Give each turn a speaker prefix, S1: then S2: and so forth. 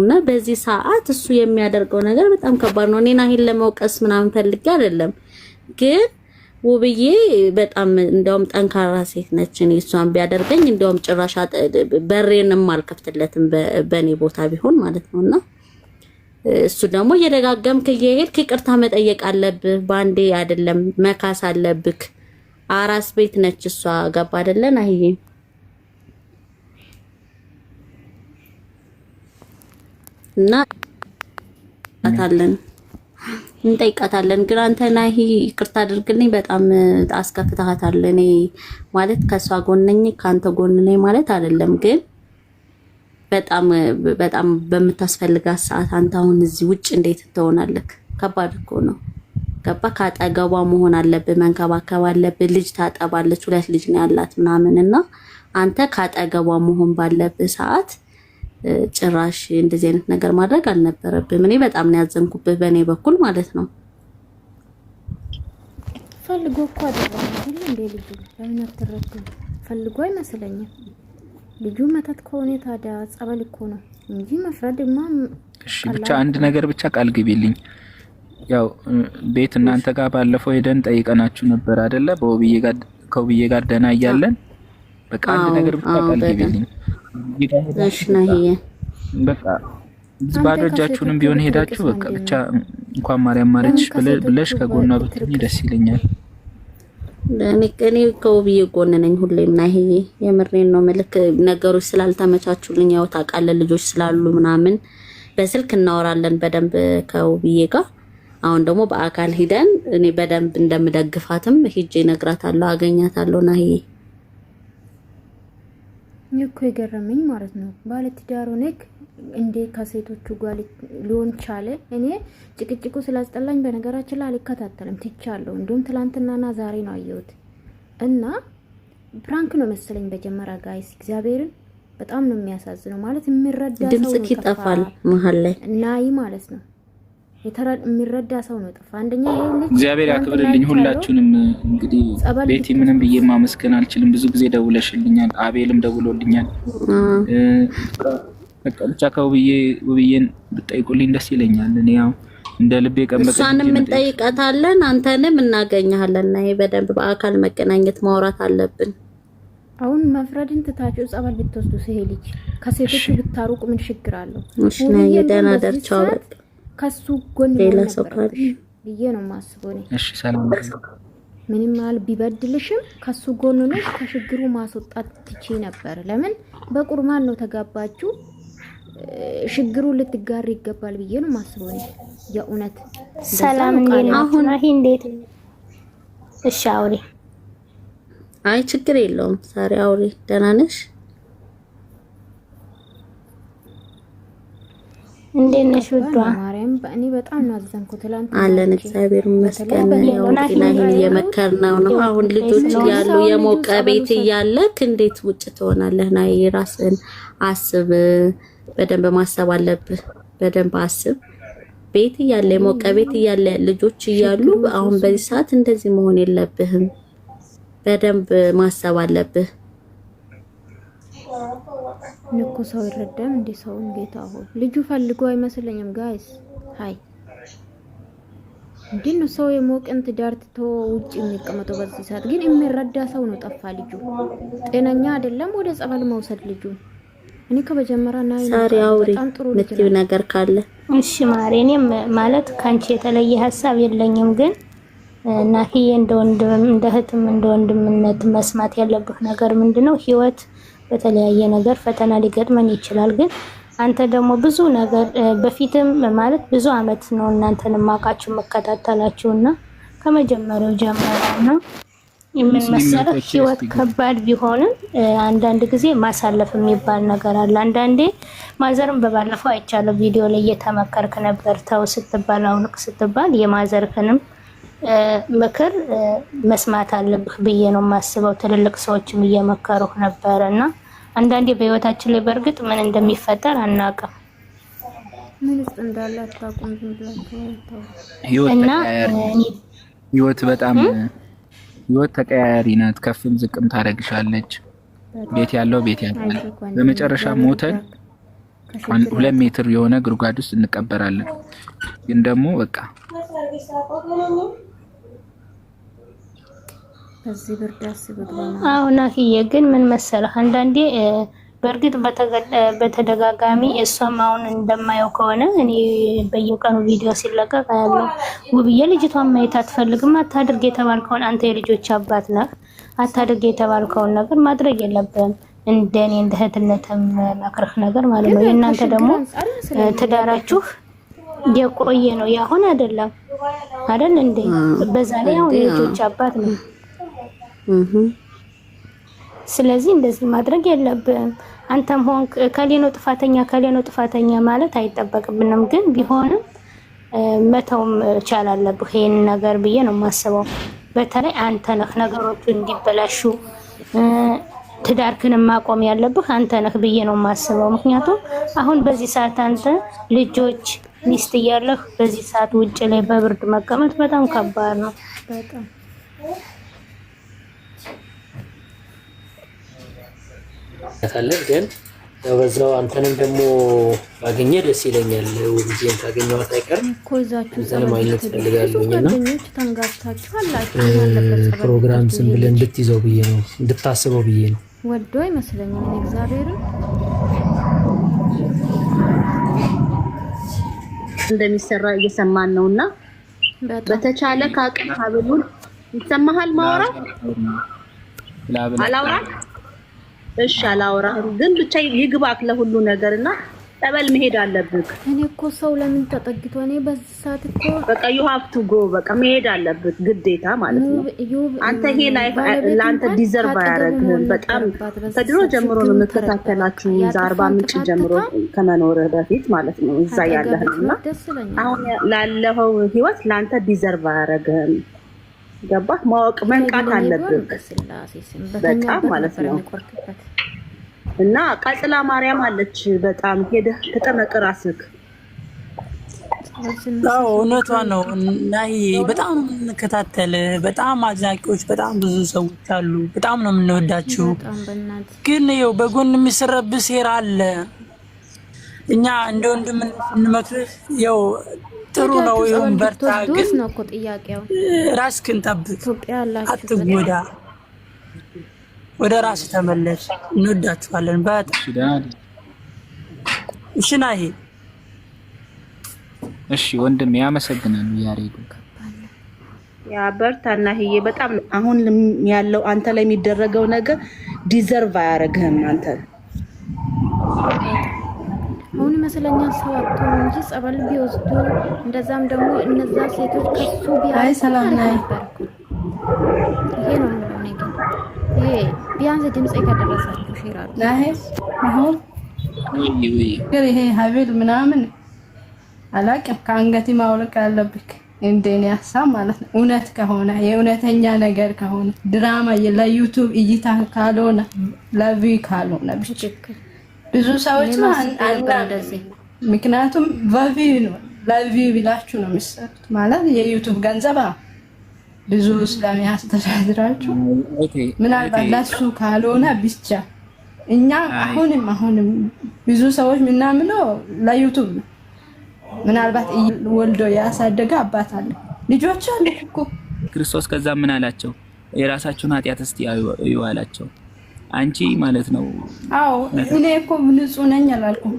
S1: እና በዚህ ሰዓት እሱ የሚያደርገው ነገር በጣም ከባድ ነው። እኔ ናሂን ለመውቀስ ምናምን ፈልጌ አይደለም፣ ግን ውብዬ በጣም እንዲያውም ጠንካራ ሴት ነች። እኔ እሷን ቢያደርገኝ እንዲያውም ጭራሽ በሬንም አልከፍትለትም በእኔ ቦታ ቢሆን ማለት ነው እና እሱ ደግሞ እየደጋገምክ እየሄድክ ይቅርታ መጠየቅ አለብህ። በአንዴ አይደለም መካስ አለብክ። አራስ ቤት ነች እሷ። ገባ አይደለን አይዬ እና አታለን እንጠይቃታለን ግን አንተ ናሂ ይቅርታ አድርግልኝ፣ በጣም አስከፍተሃታል። እኔ ማለት ከእሷ ጎን ነኝ ከአንተ ጎን ነኝ ማለት አይደለም፣ ግን በጣም በጣም በምታስፈልጋት ሰዓት አንተ አሁን እዚህ ውጭ እንዴት ትሆናለህ? ከባድ እኮ ነው። ገባ ከአጠገቧ መሆን አለብህ፣ መንከባከብ አለብህ። ልጅ ታጠባለች፣ ሁለት ልጅ ነው ያላት ምናምን እና አንተ ከአጠገቧ መሆን ባለብህ ሰዓት ጭራሽ እንደዚህ አይነት ነገር ማድረግ አልነበረብም። እኔ በጣም ነው ያዘንኩብህ በእኔ በኩል ማለት ነው።
S2: ፈልጎ እኮ አይደለም ሁሉ እንደ ልጁ ለምን አትረዱም? ፈልጎ አይመስለኝም። ልጁ መተት ከሆነ ታዲያ ጸበል እኮ ነው እንጂ መፍረድማ።
S3: እሺ ብቻ አንድ ነገር ብቻ ቃል ግቢልኝ። ያው ቤት እናንተ ጋር ባለፈው ሄደን ጠይቀናችሁ ነበር አይደለ? በውብዬ ጋር ከውብዬ ጋር ደህና እያለን በቃ አንድ ነገር ብቻ ቃል ግቢልኝ። በቃ ባዶ እጃችሁንም ቢሆን ሄዳችሁ በቃ ብቻ እንኳን ማርያም ማረችሽ ብለሽ ከጎኗ ብትሆኚ ደስ ይለኛል።
S1: እኔ ከውብዬ ጎን ነኝ ሁሌም ናሂዬ፣ የምሬን ነው። መልክ ነገሮች ስላልተመቻቹልኝ ያው ታውቃለህ፣ ልጆች ስላሉ ምናምን በስልክ እናወራለን በደንብ ከውብዬ ጋር። አሁን ደግሞ በአካል ሂደን እኔ በደንብ እንደምደግፋትም ሂጄ እነግራታለሁ፣ አገኛታለሁ ናሂዬ
S2: እኮ የገረመኝ ማለት ነው ባለትዳር ነክ እንዴ ከሴቶቹ ጋር ሊሆን ቻለ? እኔ ጭቅጭቁ ስላስጠላኝ በነገራችን ላይ አልከታተልም ትቻለሁ። እንዲሁም ትላንትናና ዛሬ ነው አየሁት እና ፕራንክ ነው መሰለኝ በጀመሪያ ጋይስ፣ እግዚአብሔርን በጣም ነው የሚያሳዝነው። ማለት የሚረዳ
S1: ድምጽ ይጠፋል መሀል ላይ
S2: ናይ ማለት ነው የሚረዳ ሰው ነው ጠፋ። አንደኛ
S3: እግዚአብሔር ያክብርልኝ ሁላችሁንም። እንግዲህ ቤቲ ምንም ብዬ ማመስገን አልችልም። ብዙ ጊዜ ደውለሽልኛል፣ አቤልም ደውሎልኛል። በቃ ብቻ ከውብዬ ውብዬን ብጠይቁልኝ ደስ ይለኛል። እኔ ያው እንደ ልቤ ቀን
S1: እሷንም እንጠይቀታለን፣ አንተንም እናገኘሃለን። ና በደንብ በአካል መገናኘት ማውራት አለብን።
S2: አሁን መፍረድን ትታችሁ ጸበል ብትወስዱ ስሄ ልጅ ከሴቶች ብታሩቁ ምን ችግር አለው?
S1: ደህና ደርቻው በቃ
S2: ከሱ ጎን
S1: ሌላ ሰው ካለሽ
S2: ብዬ ነው ማስቦኔ። ምንም ያህል ቢበድልሽም ከሱ ጎን ነሽ፣ ከችግሩ ማስወጣት ትቼ ነበር። ለምን በቁርማን ነው ተጋባችሁ? ችግሩ ልትጋር ይገባል ብዬ ነው ማስቦኔ። የእውነት
S1: ሰላም አሁን ይሄ እንዴት እሺ፣ አውሪ። አይ ችግር የለውም። ዛሬ አውሪ። ደህና ነሽ? እንዴት ነሽ ውዷ? በጣም አለን። እግዚአብሔር ይመስገን። ዲናይን እየመከርነው ነው። አሁን ልጆች ያሉ የሞቀ ቤት እያለክ እንዴት ውጭ ትሆናለህ? ና ራስን አስብ። በደንብ ማሰብ አለብህ። በደንብ አስብ። ቤት እያለ የሞቀ ቤት እያለ ልጆች እያሉ አሁን በዚህ ሰዓት እንደዚህ መሆን የለብህም። በደንብ ማሰብ አለብህ።
S2: ንኩ ሰው ይረዳም እንዴ? ሰውን ጌታ ሆይ ልጁ ፈልጎ አይመስለኝም ጋይስ ሀይ ግን ሰው የሞቀን ትዳር ትቶ ውጭ የሚቀመጠው በዚህ ሰዓት ግን የሚረዳ ሰው ነው ጠፋ። ልጁ ጤነኛ አይደለም። ወደ ጸበል መውሰድ ልጁ እኔ ከመጀመሪያ ና
S1: ሳሪ አውሪ የምትይው ነገር ካለ እሺ ማሬ። እኔም ማለት ከአንቺ የተለየ ሀሳብ የለኝም። ግን ናሂዬ እንደ ወንድም እንደ እህትም እንደ ወንድምነት መስማት ያለብህ ነገር ምንድነው? ህይወት በተለያየ ነገር ፈተና ሊገጥመን ይችላል ግን አንተ ደግሞ ብዙ ነገር በፊትም ማለት ብዙ አመት ነው እናንተን ማቃችሁ እና ከመጀመሪያው ነው ምን መሰረት ህይወት ከባድ ቢሆንም አንዳንድ ጊዜ ማሳለፍ የሚባል ነገር አለ። አንዳንዴ ማዘርም በባለፈው አይቻለው ቪዲዮ ላይ እየተመከርክ ነበር ተው ስትባል አውልቅ ስትባል የማዘርክንም ምክር መስማት አለብህ ብዬ ነው የማስበው። ትልልቅ ሰዎችም እየመከሩህ ነበረ እና አንዳንዴ በህይወታችን ላይ በእርግጥ ምን እንደሚፈጠር አናውቅም።
S2: ምን
S3: ህይወት በጣም ህይወት ተቀያያሪ ናት። ከፍም ዝቅም ታደርግሻለች። ቤት ያለው ቤት ያለው በመጨረሻ ሞተን ሁለት ሜትር የሆነ ጉድጓድ ውስጥ እንቀበራለን። ግን ደግሞ በቃ
S1: በዚህ ብርድ አስብት ነው። አሁን አክዬ ግን ምን መሰለህ፣ አንዳንዴ በእርግጥ በተደጋጋሚ እሷም አሁን እንደማየው ከሆነ እኔ በየቀኑ ቪዲዮ ሲለቀቅ ያለው ውብዬ ልጅቷን ማየት አትፈልግም። አታድርግ የተባልከውን አንተ የልጆች አባት ነህ፣ አታድርግ የተባልከውን ነገር ማድረግ የለብህም። እንደኔ እንደ እህትነት መክረህ ነገር ማለት ነው። የእናንተ ደግሞ ትዳራችሁ የቆየ ነው፣ ያሁን አይደለም አይደል እንዴ? በዛ ላይ አሁን የልጆች አባት ነው ስለዚህ እንደዚህ ማድረግ የለብም። አንተም ሆን ከሌኖ ጥፋተኛ ከሌኖ ጥፋተኛ ማለት አይጠበቅብንም፣ ግን ቢሆንም መተውም ቻል አለብህ ይህን ነገር ብዬ ነው የማስበው። በተለይ አንተ ነህ ነገሮቹ እንዲበላሹ ትዳርክን ማቆም ያለብህ አንተ ነህ ብዬ ነው የማስበው። ምክንያቱም አሁን በዚህ ሰዓት አንተ ልጆች ሚስት እያለህ በዚህ ሰዓት ውጭ ላይ በብርድ መቀመጥ በጣም ከባድ ነው። በጣም
S3: ያሳለን ግን በዛው አንተንም ደግሞ ባገኘ ደስ ይለኛል። ውብዬን ካገኘኋት አይቀርም እዛን ማግኘት እፈልጋለሁኝ እና ፕሮግራም ዝም ብለህ እንድትይዘው ብዬ ነው እንድታስበው ብዬ ነው።
S2: ወዶ አይመስለኝም እግዚአብሔርን
S1: እንደሚሰራ እየሰማን ነው እና በተቻለ ከአቅም ሀብሉን ይሰማሃል ማውራት አላውራት እሺ አላወራህም፣ ግን ብቻ ይግባክ ለሁሉ ነገር እና ጠበል መሄድ አለብህ።
S2: እኔ እኮ ሰው ለምን ተጠግቶ እኔ በዚህ ሰዓት እኮ
S1: በቃ ዩ ሃቭ ቱ ጎ በቃ መሄድ አለብህ ግዴታ ማለት ነው። አንተ ይሄ ላይፍ ለአንተ ዲዘርቭ አያደርግህም። በጣም ከድሮ ጀምሮ ነው የምከታተላችሁ እዛ አርባ ምንጭ ጀምሮ ከመኖርህ በፊት ማለት ነው እዛ ያለህና አሁን ላለኸው ህይወት ለአንተ ዲዘርቭ አያደርግህም። ገባህ? ማወቅ መንቃት አለብን በቃ ማለት ነው። እና ቀጽላ ማርያም አለች። በጣም ሄደህ ተጠመቅ ራስህ።
S4: አዎ እውነቷን ነው። ናይ በጣም የምንከታተል በጣም አድናቂዎች በጣም ብዙ ሰዎች አሉ። በጣም ነው የምንወዳችው። ግን ይኸው በጎን የሚሰራብህ ሴራ አለ። እኛ እንደ ወንድም እንመክርህ ይኸው ጥሩ ነው። ይሁን በርታ። ግን ራስህን ጠብቅ፣ አትጎዳ። ወደ ራስ ተመለስ። እንወዳችኋለን በጣም እሺ። ናሂ
S3: እሺ ወንድም ያመሰግናል። ያሬዱ
S1: ያ በርታ ይሄ በጣም አሁን ያለው አንተ ላይ የሚደረገው ነገር ዲዘርቭ አያደርግህም አንተ
S2: አሁን ይመስለኛል ሰው እንጂ ጸበል ቢወስዱ እንደዛም ደግሞ እነዛ ሴቶች ከሱ ቢያይ ሰላም ላይ ይሄ ነው የምለው ግን ይሄ ቢያንስ ድምጽ ከደረሳችሁ
S1: ሼር አድርጉ። አሁን ግን ይሄ ሀብል ምናምን አላቅም ከአንገት ማውለቅ ያለብክ እንደኔ ያሳ ማለት ነው። እውነት ከሆነ የእውነተኛ ነገር ከሆነ ድራማ ለዩቱብ እይታ ካልሆነ ለቪ ካልሆነ ብቻ ብዙ ሰዎች ምክንያቱም ቫቪ ነው ለቪው ነው የሚሰሩት። ማለት የዩቱብ ገንዘባ ብዙ ስለሚያስተዳድራችሁ ምናልባት ለሱ ካልሆነ ብቻ እኛ አሁንም አሁንም ብዙ ሰዎች ምናምነው ለዩቱብ ነው። ምናልባት ወልዶ ያሳደገ አባት አለ፣ ልጆች አለ እኮ
S3: ክርስቶስ። ከዛ ምን አላቸው? የራሳችሁን ኃጢአት እስቲ ይዋላቸው አንቺ ማለት ነው።
S1: አዎ እኔ እኮ ንጹህ ነኝ አላልኩም።